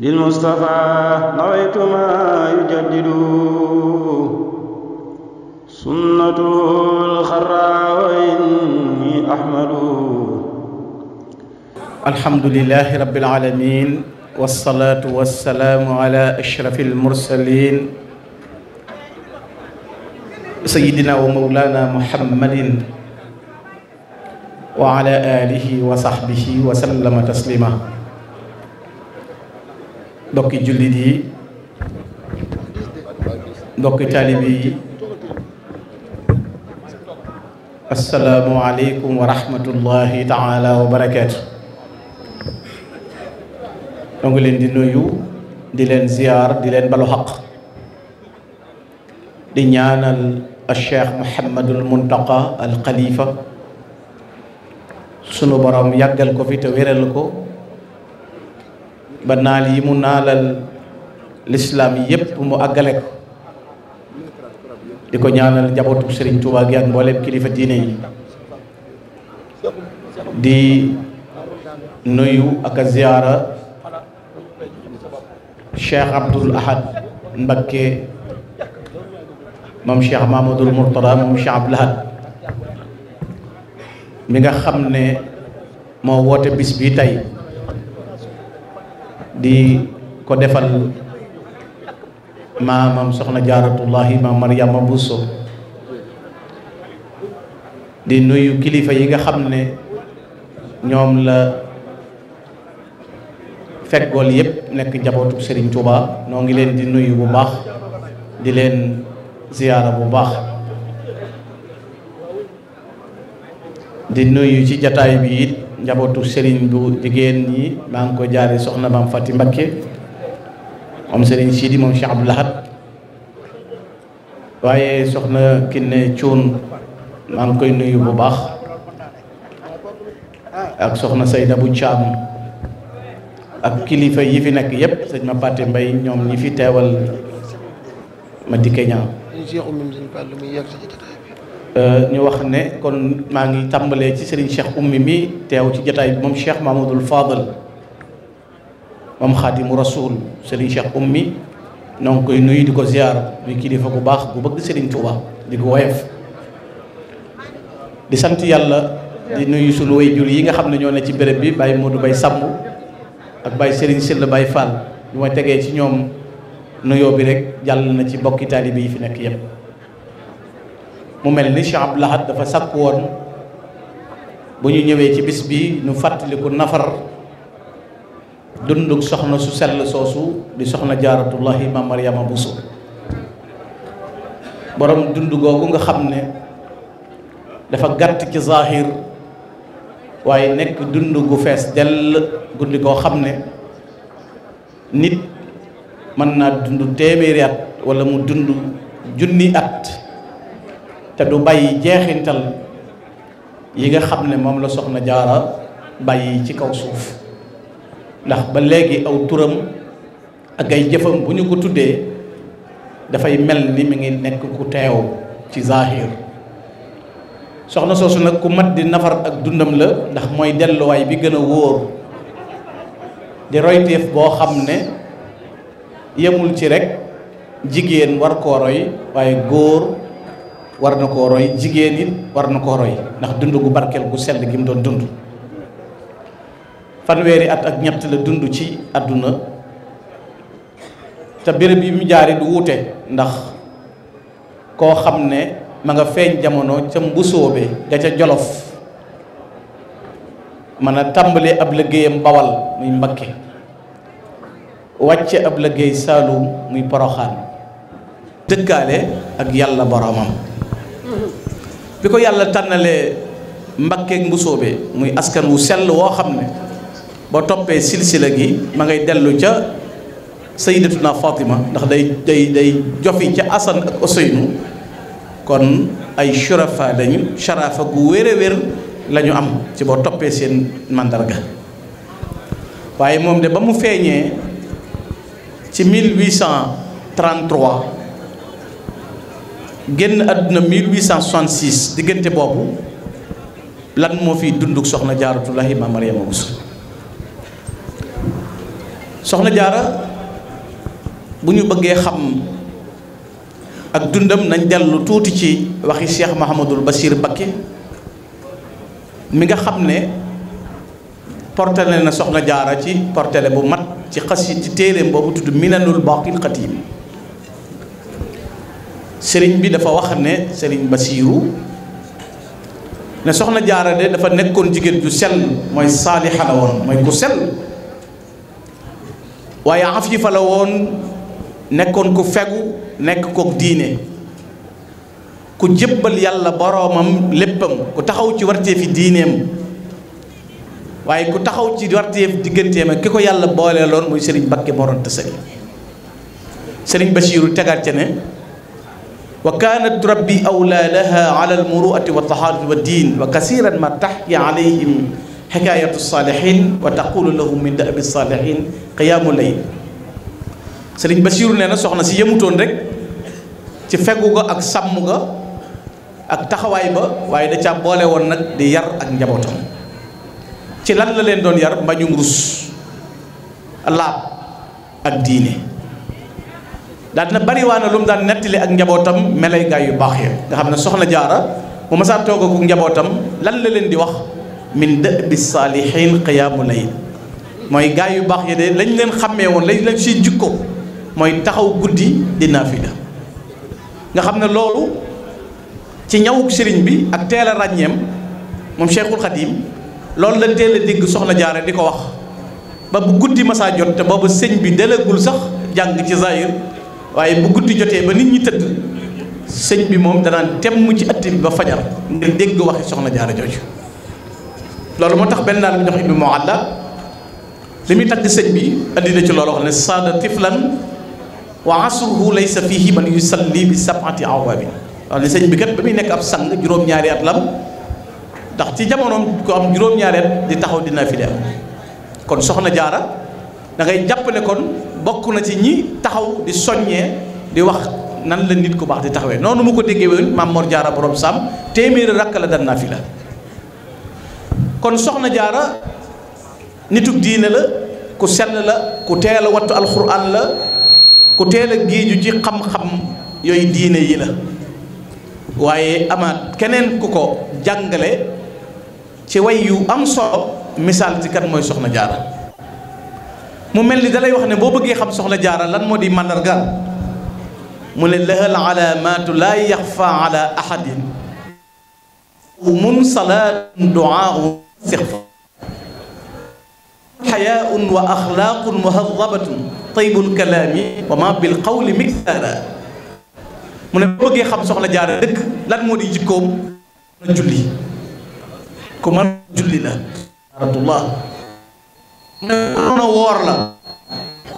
للمصطفى رأيت ما يجدد سنته الخرى وإني أحمد الحمد لله رب العالمين والصلاة والسلام على أشرف المرسلين سيدنا ومولانا محمد وعلى آله وصحبه وسلم تسليما doki jullit yi mbokki taalibe yi assalaamu aleykum wa rahmatullahi taala wa barakaatu ñoo ngi leen di nuyu di leen ziyaar di leen balu xaq di ñaanal al cheikh Mouhamadul Muntaqa al Khalifa sunu borom yàggal ko fi ba naal yi mu naalal lislaam yépp mu àggale ko di ko ñaanal njabootu Serigne Touba gi ak kilifa diine yi di nuyu ak ziyaara Cheikh Abdoul Ahad Mbacké moom Cheikh Mahmadul Mourtada moom Cheikh Abdoul Ahad mi nga xam ne moo woote bis bii tey di ko defal maamam soxna jaaratullahi maam bu Bousso di nuyu kilifa yi nga xam ne ñoom la feggool yépp nekk njabootu Serigne Touba noo ngi leen di nuyu bu baax di leen ziyaara bu baax di nuyu ci jataay bi it njabootu Serigne bu jigéen ñi maa ngi ko jaare soxna maam Fati Mbakke moom Serigne Sidi moom Cheikh Abdou Lahad waaye soxna Kiné Cuun maa ngi koy nuyu bu baax ak soxna Sayda bu Caam ak kilifa yi fi nekk yépp sëñ ma Paté Mbay ñoom ñi fi teewal ma dikke ñaam Euh, ñu wax ne kon maa ngi tàmbalee ci Serigne Cheikh ummi mi teew ci jataay bi moom Cheikh Mahmoudul Fadal moom xaadimu rasul Serigne Cheikh ummi noo ngi koy nuyu di ko ziar muy kilifa bu baax bu bëgg Serigne Touba di ko woyof di sant yàlla di nuyu sunu waajur yi nga xam ne ñoo ne ci béréb bi Baye Modou Baye Samb ak Baye Serigne Sylla Baye Fall ñu ma tegee ci ñoom nuyoo bi rek jàll na ci bokki taalibe yi fi nekk yëpp mu mel ni Cheikh Abdou Lahad dafa sakku woon bu ñu ñëwee ci bis bi ñu fàttaliku nafar dunduk soxna su sell soosu di soxna jaaratullahi ma Mariama Bousso borom dund googu nga xam ne dafa gàtt ci zahir waaye nekk dund gu fees dell guddi koo xam ne nit mën naa dund téeméeri at wala mu dund junni at te du bàyyi jeexintal yi nga xam ne moom la soxna jaara bàyyi ci kaw suuf ndax ba léegi aw turam ak ay jëfam bu ñu ko tuddee dafay mel ni mi ngi nekk ku teew ci zahir soxna soosu nag ku mat di nafar ak dundam la ndax mooy delluwaay bi gën a wóor di royteef boo xam ne yemul ci rekk jigéen war koo roy waaye góor war na ko roy jigéen it war na ko roy ndax dund gu barkeel gu sell gi mu doon dund fanweeri at ak ñett la dund ci àdduna te béréb yi mu jaari du wuute ndax koo xam ne ma nga feeñ jamono ca mbusoobe ga ca jolof mën a tàmbalee ab liggéeyam bawal muy mbakke wàcce ab liggéey saalum muy poroxaan dëkkaale ak yàlla boromam bi ko yàlla tànnalee mbakkeeg mbusóobee muy askan wu sell woo xam ne boo toppee silsila gi ma ngay dellu ca sayyidatuna Fatima ndax day day day jofi ca Asan ak Useynu kon ay shurafa lañu sharafa gu wér a wér la am ci ba toppee seen màndarga waaye moom de ba mu feeñee ci 1833 génn àdduna 1866 diggante boobu lan moo fi dunduk soxna jaaratullahi ma Mariama Bousso soxna jaara bu ñu bëggee xam ak dundam nañ dellu tuuti ci waxi Cheikh Mahamadul Basir Bakke mi nga xam ne portale na soxna jaara ci portale bu mat ci xas yi ci téeréem boobu tudd minanul baqil xatim sëriñ bi dafa wax ne sëriñ Basiiru ne soxna jaara de dafa nekkoon jigéen ju sell mooy saalixa la woon mooy ku sell waaye afifa la woon nekkoon ku fegu nekk kook diine ku jébbal yàlla boroomam léppam ku taxaw ci warteefi diineem waaye ku taxaw ci warteef digganteem ak ki ko yàlla booleeloon muy sëriñ Bakke Mor Anta Sali sëriñ Basiiru tegaat ne وكانت ربي أولى لها على المروءة والطهارة والدين وكثيرا ما تحكي عليهم حكاية الصالحين وتقول لهم من دأب الصالحين قيام الليل سيرين بشير لنا سخنا سي يموتون رك تي فغوغا اك سامغا اك تخواي با واي دا تيا بولي دي يار اك نجابوتام تي لين دون يار مانيوم روس الله اك ديني daa dina bariwaana lu mu daan nettali ak njabootam melay gaay yu baax ya nga xam ne soxna jaara bu ma saa toog njabootam lan la leen di wax min dëbi saalihin qiyaamu layl mooy gaa yu baax ya de lañ leen xàmmee woon lañ leen si jikko mooy taxaw guddi di naafila nga xam ne loolu ci ñawuk sëriñ bi ak teela a ràññeem moom Cheikhul Khadim loolu la teel a dégg soxna jaara di ko wax ba bu guddi masaa jot te booba sëñ bi dalagul sax jàng ci zahir waaye bu guddi jotee ba nit ñi tëdd sëñ bi moom danaan temm ci ëtt bi ba fajar nga dégg waxi soxna jaara jooju loolu moo tax benn daal mu jox ibnu mualla li muy tagg sëñ bi andi na ci loolu wax ne saada tiflan wa asruhu laysa fihi man yusalli bi sabati awaabi wax ne sëñ bi kat ba muy nekk ab sang juróom-ñaari at lam ndax ci jamonoom ko am juróom-ñaari di taxaw dinaa fi dem kon soxna jaara dangay ngay jàpp ne kon bokk na ci ñi taxaw di soññee di wax nan la nit ku baax di taxawee noonu mu ko déggee woon Jaara borom Sam téeméeri rakk la dan fi la kon soxna jaara nituk diine la ku sell la ku teel a wattu alxuraan la ku teel a géeju ci xam-xam yooyu diine yi la waaye amaat keneen ku ko jàngale ci way am solo misaal ci kan mooy soxna jaara mu melni dalay wax ne bo beugé xam soxna jaara lan modi mandargal mu le lahal ala ahadin mun salaatun duaau sixfa xayaaun wa axlaaqun muhadabatun taybul kalaami wa ma bil qawli miktaara mu ne boo xam soxna jaara dëkk lan moo di jikkoom julli ku mën julli la mënoon a woor la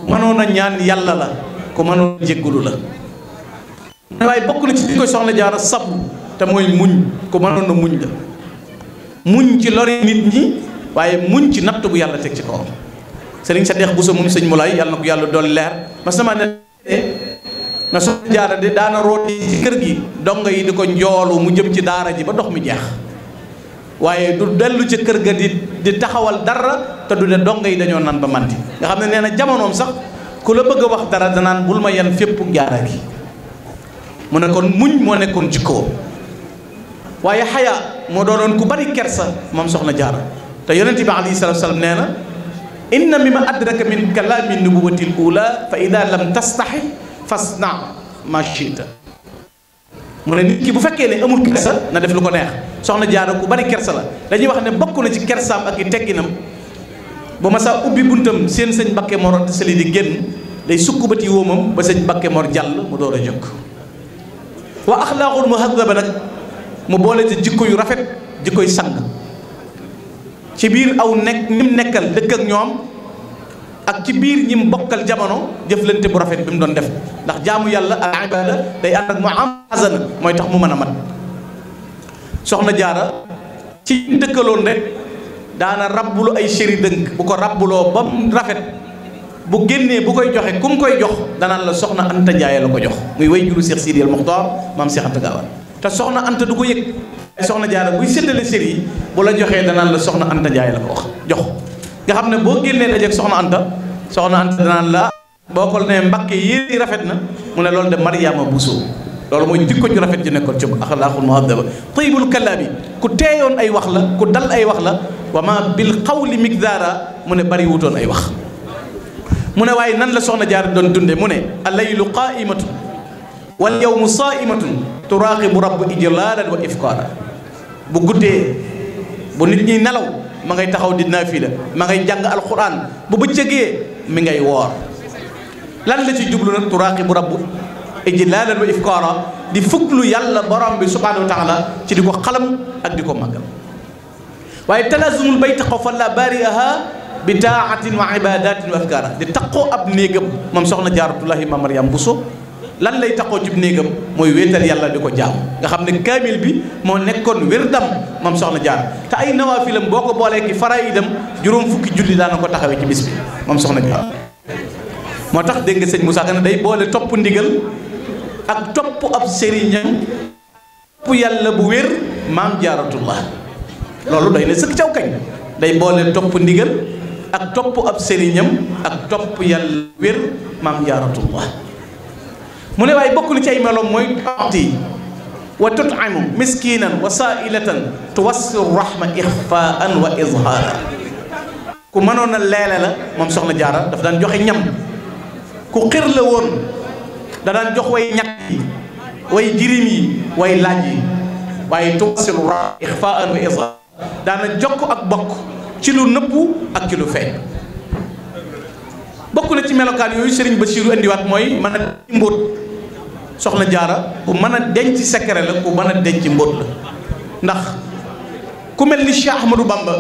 mënoon a ñaan yàlla la ku mënoon a la waaye bokk na ci di koy soxna jaara sabu te mooy muñ ku mënoon muñ la muñ ci lori nit ñi waaye muñ ci natt bu yàlla teg ci kawam sëriñ sa deex bu sa moom sëñ Mulaay yàlla na ko yàlla doon leer mas nama ne na soxna jaara de daana rooti ci kër gi donga yi di ko njoolu mu jëm ci daara ji ba dox mi jeex waaye du dellu ca kër ga di di taxawal dara te du ne donga yi dañoo naan ba manti nga xam ne nee na jamonoom sax ku la bëgg a wax dara danaan bul ma yan fépp jaara gi mu ne kon muñ moo nekkoon jikkoo waaye xaya moo doon ku bari kersa moom soxna jaara te yonente bi alayhi salatu salaam nee na inna mi ma adraka min kalaami nubuwatil ula fa ida lam tastaxi fasna ma chita mu ne nit ki bu fekkee ne amul kersa na def lu ko neex soxna jaara ku bari kersa la dañuy wax ne bokku na ci kersaam ak i tegginam bu masaa saa ubbi buntam seen sëñ Mbakke Mor seli di génn day sukk bati wóomam ba sëñ Mbakke Mor jàll mu door a jóg wa axlaaqul muhaddaba nag mu boole ci jikko yu rafet jikkoy sang ci biir aw nekk ñim nekkal dëkk ak ñoom ak ci biir ñim bokkal jamono jëflante bu rafet bi mu doon def ndax jaamu yàlla ak ibaada day ànd mu am asana mooy tax mu mën a mat soxna jaara ci dëkkaloon rek daana rabbulu ay chéri dënk bu ko rabuloo ba mu rafet bu génnee bu koy joxee ku mu koy jox danaan la soxna Anta Ndiaye la ko jox muy way juru Cheikh Sidi El Mokhtar maam Cheikh Anta te soxna Anta du ko yëg soxna Jaara buy séddale chéri yi bu la joxee danaan la soxna Anta Ndiaye la ko wax jox nga xam ne boo génnee dajeeg soxna Anta soxna Anta danaan la boo ko nee mbàkke yéen rafet na mu ne loolu de Mariama Bousso lolou moy jikko ju rafet ji nekkoon ci akhlaqul muhaddaba tibul kalaami ku teyon ay wax la ku dal ay wax la wama bil qawli mikdara mune bari wuton ay wax mune way nan la soxna jaar don dunde mune ne allaylu qaa'imatun wal yawmu sa'imatun turaqibu rabb ijlalan wa ifqara bu gudde bu nit ñi nalaw ma ngay taxaw di nafila ma ngay jàng alquran bu bëccëgee mi ngay wor lan la ci jublu nak turaqibu rabb ijlaalan wa ifkaara di fuglu yàlla borom bi subhaanahu wa taala ci di ko xalam ak di ko màggal waaye talaasumul bayt xawfan la baariaha bi taatin wa ibadatin wa afkaara di taqoo ab néegam moom soxna jaaratullahi ma mariam buso lan lay taqoo ci néegam mooy wéetal yàlla di ko jaamu nga xam ne kaamil bi moo nekkoon wérdam moom soxna jaar te ay nawaafilam boo ko boolee ki faraidam juróom fukki julli daana ko taxawee ci bis bi moom soxna jaar moo tax dégg nga sëñ Moussa Kane day boole topp ndigal ak topp ab sëriñam topp yàlla bu wér maam jaaratullah loolu doy na sëkk caw kañ day boole topp ndigal ak topp ab sëriñam ak topp yàlla bu wér maam jaaratullah mu ne waaye bokk na ci ay meloom mooy tuuti wa tut'imu miskinan wa sa'ilatan tuwassiru rahma ixfaan wa izhaara ku mënoon a leele la moom soxna jaara dafa daan joxe ñam ku xir la woon danaan jox way ñàkk yi way jirim yi way laaj yi waaye tuwasilu ra ixfaan wa isra daana jokk ak bokk ci lu nëpp ak ci lu feeñ bokk na ci melokaan yooyu Serigne Bassirou indiwaat mooy mën a denc mbóot soxna mën a denc secret la ku mën a denc mbóot la ndax ku mel ni Cheikh Ahmadou Bamba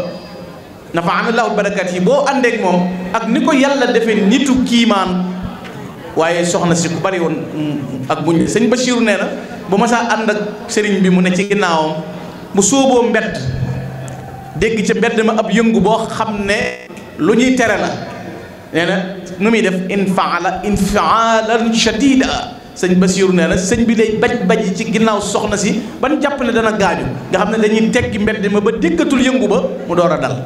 nafa anallaahu barakaat yi boo àndeek moom ak ni ko yàlla defee nitu kiimaan waaye soxna si ku bari woon mm, ak buñ la sëñ Bachirou nee na bu ma saa ànd ak sëriñ bi mu ne ci ginnaawam bu sooboo mbedd dégg ca mbedd ma ab yëngu boo xam ne lu ñuy tere la nee na nu muy def infaala infaalan shadida sëñ Basiiru nee na sëñ bi day baj baj ci ginnaaw soxna si ban jàpp ne dana gaañu nga xam ne dañuy teggi mbedd ma ba déggatul yëngu ba mu door a dal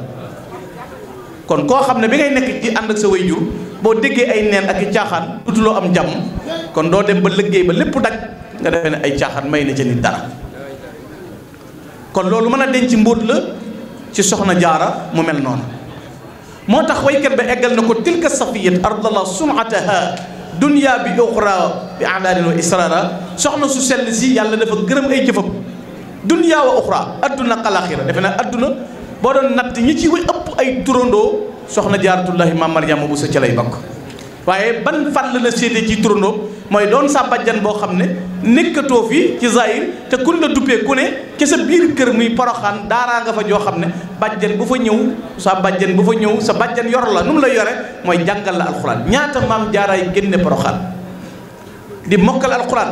kon koo xam ne bi ngay nekk ci ànd ak sa wayjur boo déggee ay neen ak i caaxaan tutuloo am jàmm kon doo dem ba liggéey ba lépp daj nga defee ne ay caaxaan may na ca nit dara kon loolu mën a denc mbóot la ci soxna jaara mu mel noonu moo tax waykat ba eggal na ko tilka safiyat ardallah sumataha dunya bi uxra bi alaanin wa israara soxna su sell si yàlla dafa gërëm ay jëfam dunya wa uxra adduna kalaaxira defe naa adduna boo doon natt ñi ci way ëpp ay turandoo soxna jaaratullahi maam Mariama bu sa ca lay bokk waaye ban fàll la séete ci turandoo mooy doon sa bàjjan boo xam ne nekkatoo fii ci zahir te kun la duppee ku ne kese biir kër muy poroxaan daaraa nga fa joo xam ne bàjjan bu fa ñëw sa bàjjan bu fa ñëw sa bàjjan yor la num mu la yore mooy jàngal la alxuraan ñaata maam jaaraay génne poroxaan di mokkal alxuraan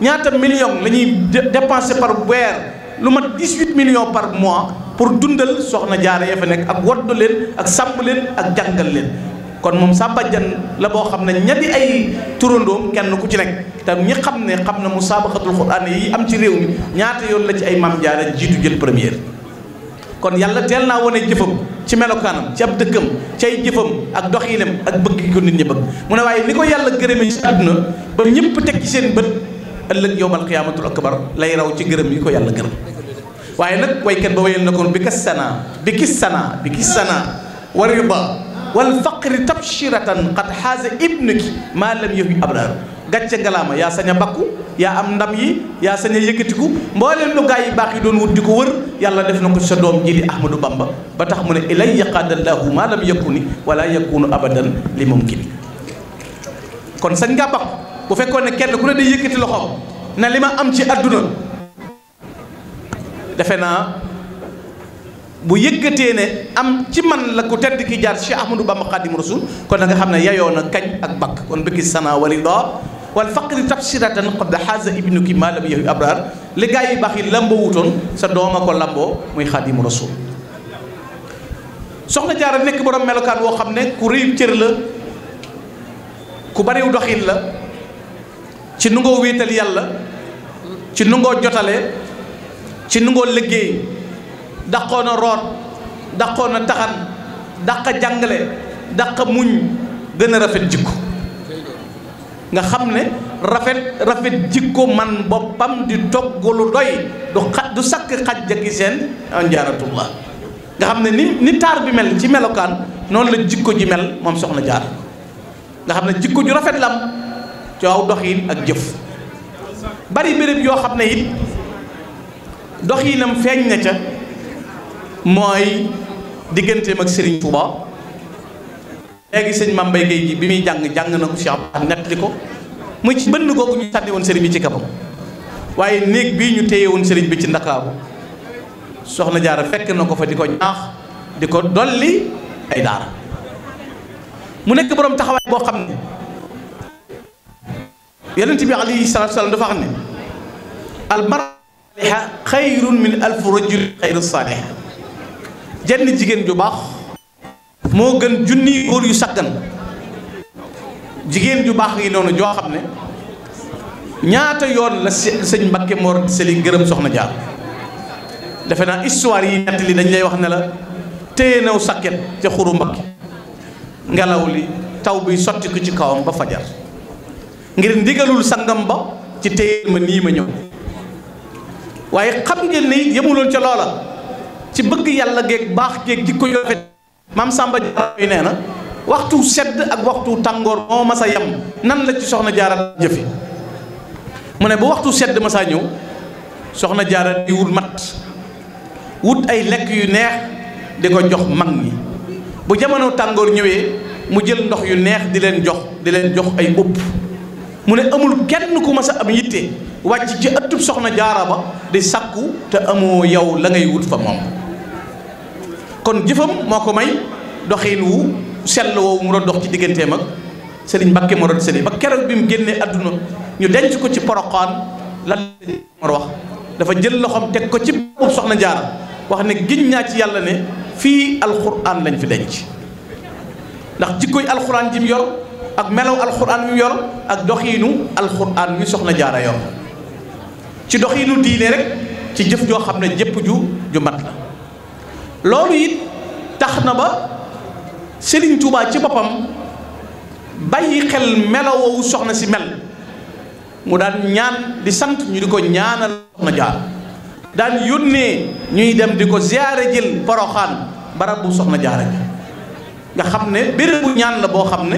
ñaata million la ñuy dépensé par weer lu mat 18 million par mois pour dundal soxna jaara ya fa nekk ak waddu leen ak sàmm leen ak jàngal leen kon moom Sàmba Jeen la boo xam ne ñetti ay turandoom kenn ku ci nekk te ñi xam ne xam na musaabaxatul xuraan yi am ci réew mi ñaata yoon la ci ay maam jaara jiitu jël première kon yàlla teel naa wane jëfam ci melokaanam ci ab dëkkam ci ay jëfam ak doxiinam ak bëgg ko nit ñi bëgg mu ne waaye ni ko yàlla gërëmee ci àdduna ba ñëpp teg ci seen bët ëllëg yowmal xiyaamatul akbar lay raw ci gërëm yi ko yàlla gërëm وينك ويكن بوين نكون بكسنا بكسنا بكسنا ورضا والفقر تبشرة قد حاز ابنك ما لم يهب أبرار غاتشا غلاما يا سانيا باكو يا ام نامي يا سانيا ييكتيكو مبولم نو غاي باخي دون ووديكو وور يالا ديف نكو سا دوم جيلي احمد بامبا با تخ مون الى يقاد الله ما لم يكن ولا يكون ابدا لممكن كون سانيا باكو بو فيكون كين كولا دي ييكتي لوخو نا لما defe naa bu yëggatee ne am ci man la ku tedd ki jaar Cheikh Ahmadou Bamba Khadim Rasoul kon da nga xam ne yayoo na kañ ak bakk kon bëgg sana wali doo wal faqri tabsiratan qabla haza ibnu ki malam yahu abrar li gaa yi baax yi lamboo wutoon sa dooma ko lamboo muy Xaadimu Rasuul soxna jaara nekk borom melokaan woo xam ne ku réyub cër la ku bariw doxin la ci nu ngoo wéetal yàlla ci nu ngoo jotale ci nu ngoo liggéey daqoon rot root daqoon taxan daq jangale muñ gëna rafet jikko nga xamne rafet rafet jikko man bopam di top lu doy du xaj du sakk gi sen seen njaanatullah nga xamne ni ni tar bi mel ci melokan non la jikko ji mel mom soxna jaar nga xamne jikko ju rafet lam ci aw ak jëf bari bërepp yo xamne dox doxinam feeñ na ca mooy digganteem ak Serigne Touba léegi sëñ Mame Mbaye Guèye ji bi muy jàng jàng na ko si ab nettali ko mu ci bënn googu ñu sànni woon sëriñ bi ci kabam waaye néeg bii ñu téye woon sëriñ bi ci ndakaaru soxna jaara fekk na ko fa di ko ñaax di ko dolli ay daara mu nekk boroom taxawaay boo xam ne yonent bi alayhi salaatu salaam dafa xam ne صالحة خير من ألف رجل غير صالح جن جيجن جو باخ مو گن جوني غور يو ساگن جيجن جو باخ يي نونو جو خامني نياتا يون لا سيغن مكي مور سيلي گرم سخنا جا دافنا استوار يي ناتلي دنج لاي واخ نلا تيناو ساكيت تي خورو مكي ngalawli taw bi soti ko ci kawam ba fajar ngir ndigalul sangam ba ci teyel ma ni ma ñew waaye xam ngeen ni yemuloon ca loola ci bëgg yàlla geeg baax géeg jikko yu rafet maam Samba Diarra nee na waxtu sedd ak waxtu tàngoor moo mas a nan la ci soxna Diarra jëfe mu ne bu waxtu sedd masaa ñëw soxna Diarra di wut mat wut ay lekk yu neex di ko jox mag ñi bu jamono tàngoor ñëwee mu jël ndox yu neex di leen jox di leen jox ay ëpp mu ne amul kenn ku mas a am yitte. wàcc ci ëttub soxna jaara ba di sakku te amoo yow la ngay wut fa moom kon jëfam moo ko may doxin wu sell woowu mu doon dox ci digganteem ak sëriñ Mbàkke moo doon sëriñ ba keroog bi mu génnee àdduna ñu denc ko ci poroxaan lan la wax dafa jël loxom teg ko ci bopp soxna jaara wax ne giñ naa ci yàlla ne fii alquran lañ fi denc ndax jikkoy alquran ji mu yor ak melaw alquran wi mu yor ak doxinu alquran mi soxna jaara yor ci dox yi doxinu diine rek ci jëf joo xam ne jëpp ju ju mat la loolu it tax na ba Serigne Touba ci boppam bàyyi xel melowoowu soxna si mel mu daan ñaan di sant ñu di ko ñaanal soxna jaar daan yónnee ñuy dem di ko ziyaare jël poroxaan barab bu soxna jaara ji nga xam ne bérébu ñaan la boo xam ne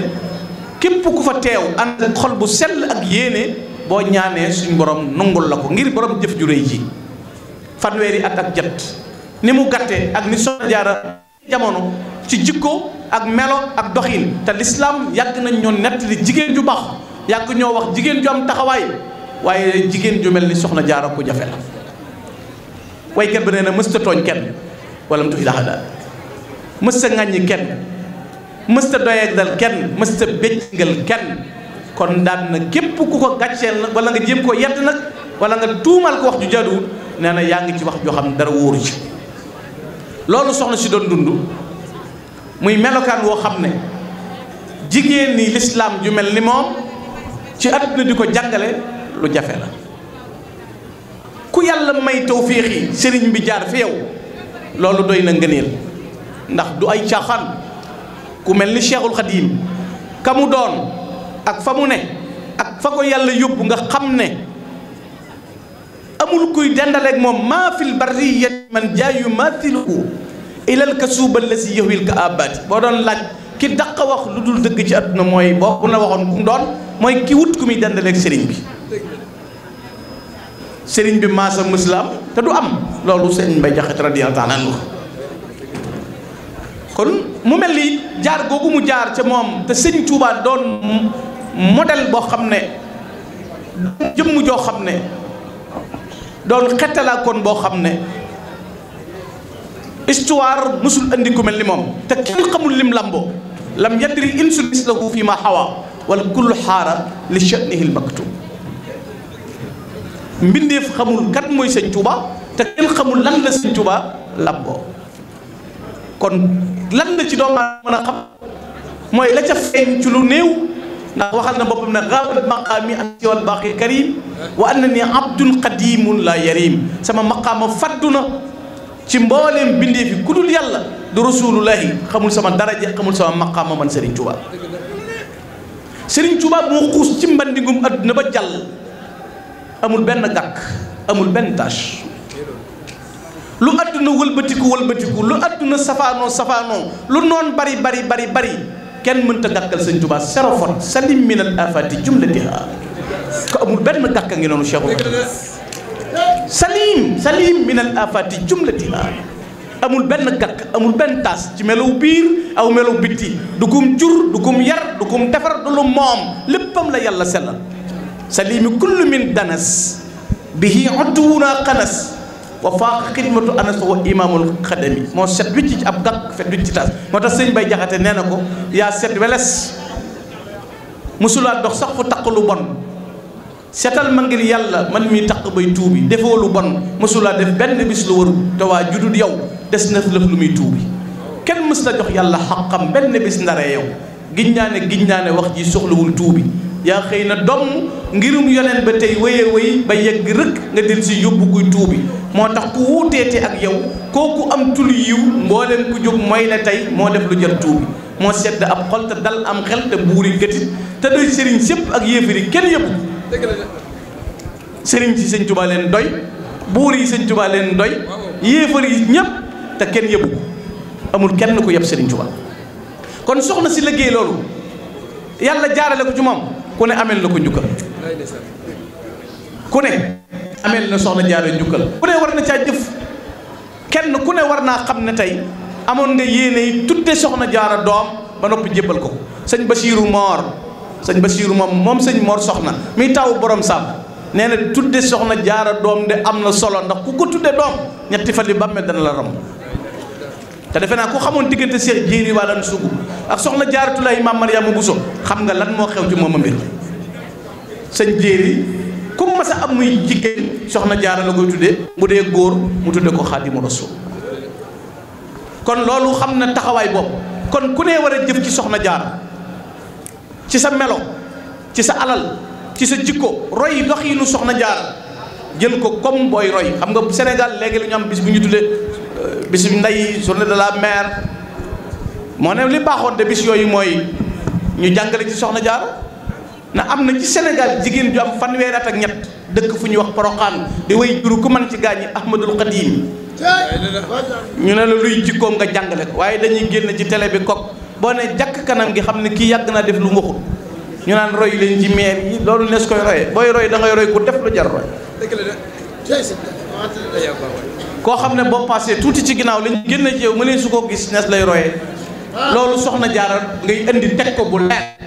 képp ku fa teew ànd ak xol bu sel ak yéene bo ñaané suñ borom nungul la ngir borom jëf ju reey ji fanweeri at ak jet ni mu gatté ak ni so jaara jamono ci jikko ak melo ak doxine ta l'islam yag nañ ñoo li jigen ju bax yag ñoo wax jigen ju am taxaway waye jigen ju melni soxna jaara ko jafé la waykat bi nee na mësta tooñ kenn walam tu mësta kenn mësta dal kenn mësta kenn kon daan na képp ku ko gàcceel nag wala nga jéem koo yett nag wala nga tuumal ko wax ju jaaduwut nee na yaa ngi ci wax joo xam ne dara wóoru ci loolu soxna si doon dund muy melokaan woo xam ne jigéen ni lislaam ju mel ni moom ci àdduna di ko jàngale lu jafe la ku yàlla may tawfiix yi sëriñ bi jaar fi yow loolu doy na ngëneel ndax du ay càqan ku mel ni cheikhul xadim ka doon ak fa mu ne ak fa ko yàlla yóbbu nga xam ne amul kuy dendaleeg moom maa fil barriyati man jaay yu mathiluhu ilal kasuuba lasi yahwil ka abati boo doon laaj ki daq wax lu dul dëgg ci adduna mooy boo ku na waxoon ku mu doon mooy ki wut ku muy dendaleeg sëriñ bi sëriñ bi maasa muslam te du am loolu sëriñ Mbay Jaxate radiyallaahu taala anhu kon mu mel ni jaar googu jaar ca moom te sëñ Tuubaa doon model bo xamne jëm jo xamne don xetala kon bo xamne histoire musul andi ku melni mom te kenn xamul lim lambo lam yadri insun mislahu fi ma hawa wal kullu hara li sha'nihi al maktub mbindef xamul kat moy seigne touba te kenn xamul lan la seigne touba lambo kon lan la ci do ma meuna xam moy la ca feñ ci lu néew ndax waxal na bopam na xaabat maqami an siwal baqi karim wa annani abdul qadim la yarim sama maqama faduna ci mbolem bindi fi kudul yalla du rasulullahi xamul sama daraja xamul sama maqama man Serigne Touba Serigne Touba mo xuus ci mbandingum aduna ba jall amul ben gak amul ben tash lu aduna wëlbatiku wëlbatiku lu aduna safano safano lu non bari bari bari bari kenn mënta gàkkal sëñ Tuubaa zéro faute salim min al afati jumlatiha ko amul benn gàkka ngi noonu Cheikhul salim salim min al afati jumlatiha amul benn gàkk amul benn taas ci melaw biir aw melaw bitti du gum jur du gum yar du defar du lu moom léppam la yàlla sellal salimi kullu min danas bihi odduwunaa xanas وفاق خدمه انس هو امام الخدمي مو سيت ويتي اب غاك فيت تاس ما سيغ باي جاخاتي نيناكو يا سيت ولس مسولا دوخ صاح فو تاك لو بون سيتال مانغيل يالا مان مي تاك توبي ديفو لو بون مسولا ديف بن بيس لو ور توا جودود ياو ديس نف لف توبي كين مسلا جوخ يالا حقا بن بيس نارا ياو غينانه غينانه واخ جي سوخلو توبي yaa xëy na domm ngirum yoneen ba tey wéye wéy ba yegg rëkk nga del si yóbbu kuy tuubi moo tax ku wuuteete ak yow kooku am tulu yiw mboolem ku jóg mooy la tey moo def lu jot tuubi moo sedd ab xol te dal am xel te buuri gëtit te doy sëriñ sépp ak yéefari kenn yëpp sëriñ si sëñ Tuubaa leen doy buur yi sëñ Tuubaa leen doy yéefar yi ñëpp te kenn yëpp amul kenn ku yëpp sëriñ Tuubaa kon soxna si liggéey loolu yàlla jaarale ko ci ku ne amel na ko njukkal ku ne amel na soxna jaara njukkal ku ne war na caa jëf kenn ku ne war naa xam ne tey amoon nga yéene tudde soxna jaara doom ba noppi jébbal ko sëñ Basiiru Moor sëñ Basiiru moom moom sëñ Moor soxna muy taw borom sàmm nee na tudde soxna jaara doom de am na solo ndax ku ko tudde doom ñetti fan yi bàmmeel dana la rom te defe naa ko xamoon diggante Cheikh Jéeri Walan Sougou ak soxna Jaaratulaay Maam Mariama so xam nga lan moo xew ci moom a mbir sëñ Jéeri ku mas a am muy jigéen soxna jaara la koy tuddee mu dee góor mu tudde ko Xaadimu Rasuul kon loolu xam na taxawaay bopp kon ku ne war a jëm ci soxna jaar ci sa melo ci sa alal ci sa jikko roy doxiinu soxna jaara jël ko comme booy roy xam nga Sénégal léegi la ñu am bis bu ñu tuddee Euh, bisu ndey journée de la mère moo ne li baaxoon te bis yooyu mooy ñu jàngale ci soxna Jaara na am na ci Sénégal jigéen ju am fanweeri at ak ñett dëkk fu ñuy wax Poroxaan di way juru ku man ci gaañi Ahmadul Xadim ñu ne la luy jikkoom nga jàngale ko waaye dañuy génn ci tele bi kok boo ne jàkk kanam gi xam ne kii yàgg naa def lu mu waxut ñu naan roy leen ci meer yi loolu nees koy royee booy roy da ngay roy ku def lu jar roy koo xam ne boo paasee tuuti ci ginnaaw lañ génn ci yow mënee su ko gis nees lay royee loolu soxna jaara ngay indi teg ko bu leer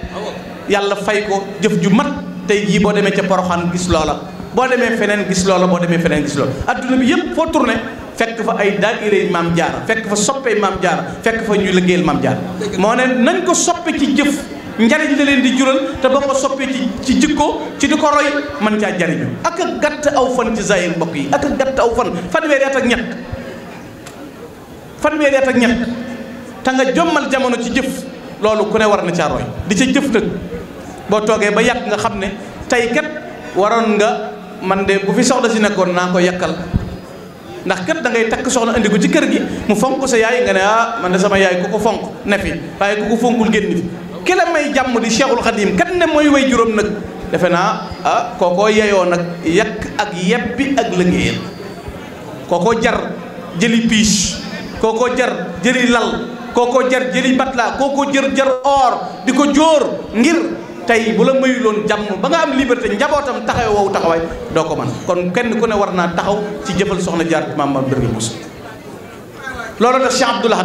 yàlla fay ko jëf ju mat tey jii boo demee ca poroxaan gis loola boo demee feneen gis loola boo demee feneen gis loola adduna bi yëpp foo tourné fekk fa ay daayirey maam jaara fekk fa soppee maam jaara fekk fa ñuy liggéeyal maam jaara moo ne nañ ko soppe ci jëf njariñ la leen di jural te boo ko soppee ci ci jikko ci di ko roy mën caa jariñu ak a gàtt aw fan ci zayir mbokk yi ak a gàtt aw fan fanweeri at ak ñett fanweeri at ak ñett te nga jommal jamono ci jëf loolu ku ne war na caa roy di ca jëf nag boo toogee ba yàq nga xam ne tey kat waroon nga man de bu fi soxla si nekkoon naa ko yàkkal ndax kat da ngay takk soxna indi ko ci kër gi mu fonk sa yaay nga ne ah man de sama yaay ku ko fonk ne fi waaye ku ko fonkul génn fi ki may jàmm di cheikhul khadim kat ne moy way jurom nak defena ah koko yeyo nak yak ak yebbi ak lëngéeyal koko jar jeli piis koko jar jeli lal koko jar jeli batla koko jar jar or diko jor ngir tay bu la lon jàmm ba nga am liberté njabotam taxaw wo taxaway doo ko man kon kenn ku ne warna taxaw ci jeufal soxna jar maam maam Birame Moussa loolu nag Cheikh abdullah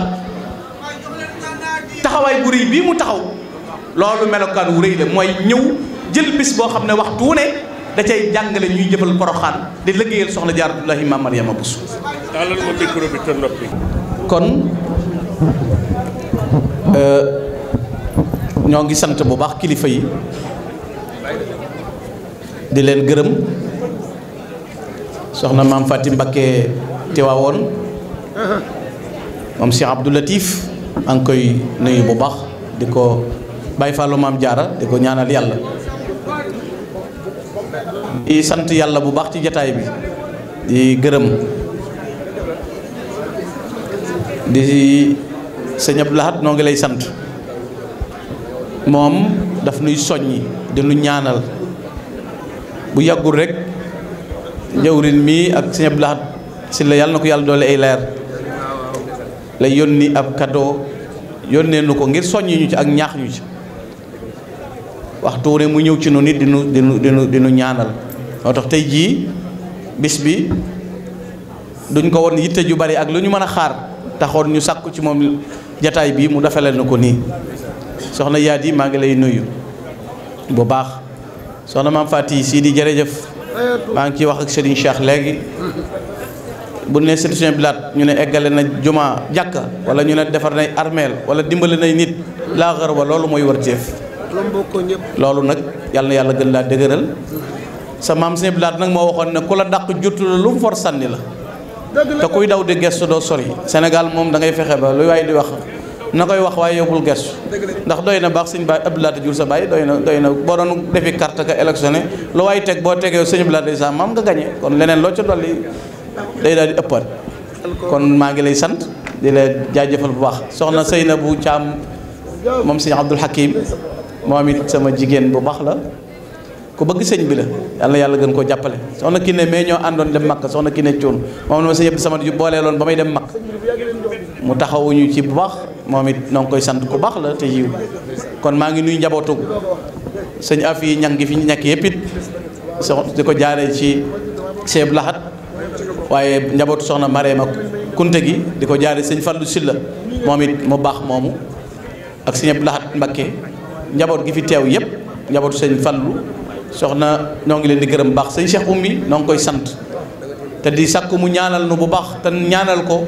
taxaway buri bi mu taxaw loolu melokaan wu rëy la mooy ñëw jël bis boo xam ne waxtu wu ne da cay jàngale ñuy jëfal poroxaan di liggéeyal soxna jaaratullahi maam Mariama Bousso taalal kon euh, ñoo ngi sant bu baax kilifa yi di leen gërëm soxna maam Fatim Mbakke Tiwaawoon moom Cheikh Abdou Latif maa ngi koy nuyu bu baax di ko Baye Fallou Maam Jaara di ko ñaanal yàlla di sant yàlla bu baax ci jataay bi di gërëm di sëñ Abdou Lahad noo ngi lay sant moom daf nuy soññ di ñaanal bu yàggul rek jawrin mi ak sëñ Abdou Lahad si la yàlla na ko yàlla doole ay leer la yónni ab cadeau yónnee nu ko ngir soññi ci ak ñaax ñu ci wax wu ne mu ñëw ci nu nit dinu dinu dinu dinu ñaanal moo tax tey jii bis bi duñ ko woon yitte ju bari ak lu ñu mën a xaar taxoon ñu sàkku ci moom jataay bii mu defaleel na ko nii soxna yaat yi maa ngi lay nuyu bu baax soxna maam Faty sii di jërëjëf maa ngi ciy wax ak Serigne Cheikh léegi bu ne Serigne Blaat ñu ne eggale na jumaa jàkka wala ñu ne defar nay armeel wala dimbale nay nit laa wa loolu mooy war warteef loolu nag yàlla yàlla gën laa dëgëral sa maam si laat nag moo waxoon ne ku la dàq juttu la lu mu for sànni la te kuy daw di gestu doo sori Sénégal moom da ngay fexe ba lu waaye di wax na koy wax waaye yóbbul gestu ndax doy na baax sëñ baay Abdou Lahat jur sa baay doy na doy na boo doon defi carte ka électionné lu waay teg boo tegee sëñ Abdou Lahat day sa maam nga gañe kon leneen loo ca dolli day daal di ëppaat kon maa ngi lay sant di la jaajëfal bu baax soxna Seynabou Thiam moom sëñ Abdoul momit sama Jigen bu bax la ku bëgg señ bi la yalla yalla gën koo jàppale soxna Kiné mais ñoo andon dem Makka soxna ki Cuun ciun mom na sëñ Abdou Samad yu dem Makka mu ñu ci bu bax momit nang koy sant ku bax la te yiw kon ma ngi nuy njabotu señ Afi ñang gi fi ñak yépit yëpp it sox ko jaaree ci Seeb Lahat waye njabotu soxna Marème ak Kunte gi diko ko señ fallu Silla momit mu bax momu ak Mbacké njaboot gi fi teew yëpp njabootu sëñ Fallu soxna ñoo ngi leen di gërëm baax sëñ Cheikh Oumy noo ngi koy sant te di sakku mu ñaanal na bu baax te ñaanal ko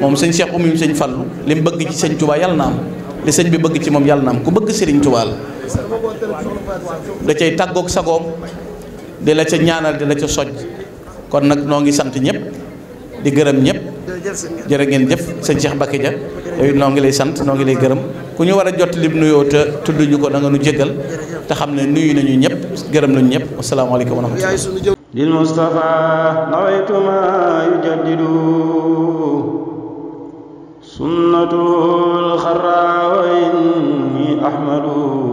moom sëñ Cheikh Oumy sëñ Fallu li bëgg ci sëñ Touba yàlla na am li sëñ bi bëgg ci moom yàlla na am ku bëgg sëriñ Touba da cay tàggoog sagoom di la ca ñaanal di la ca soj kon nag noo ngi sant ñëpp di gërëm ñëpp jërë ngeen jëf sëñ Cheikh Mbacké yooyu noo ngi lay sant noo ngi lay gërëm ku ñu war a jot lim nuyoo te tudd ñu ko da nga nu te xam ne nuyu nañu ñëpp gërëm nañu ñëpp asalaamaaleykum wa rahmatulah. lil Mustafa nawaytu ma yujaddidu sunnatul xarraa wa inni ahmadu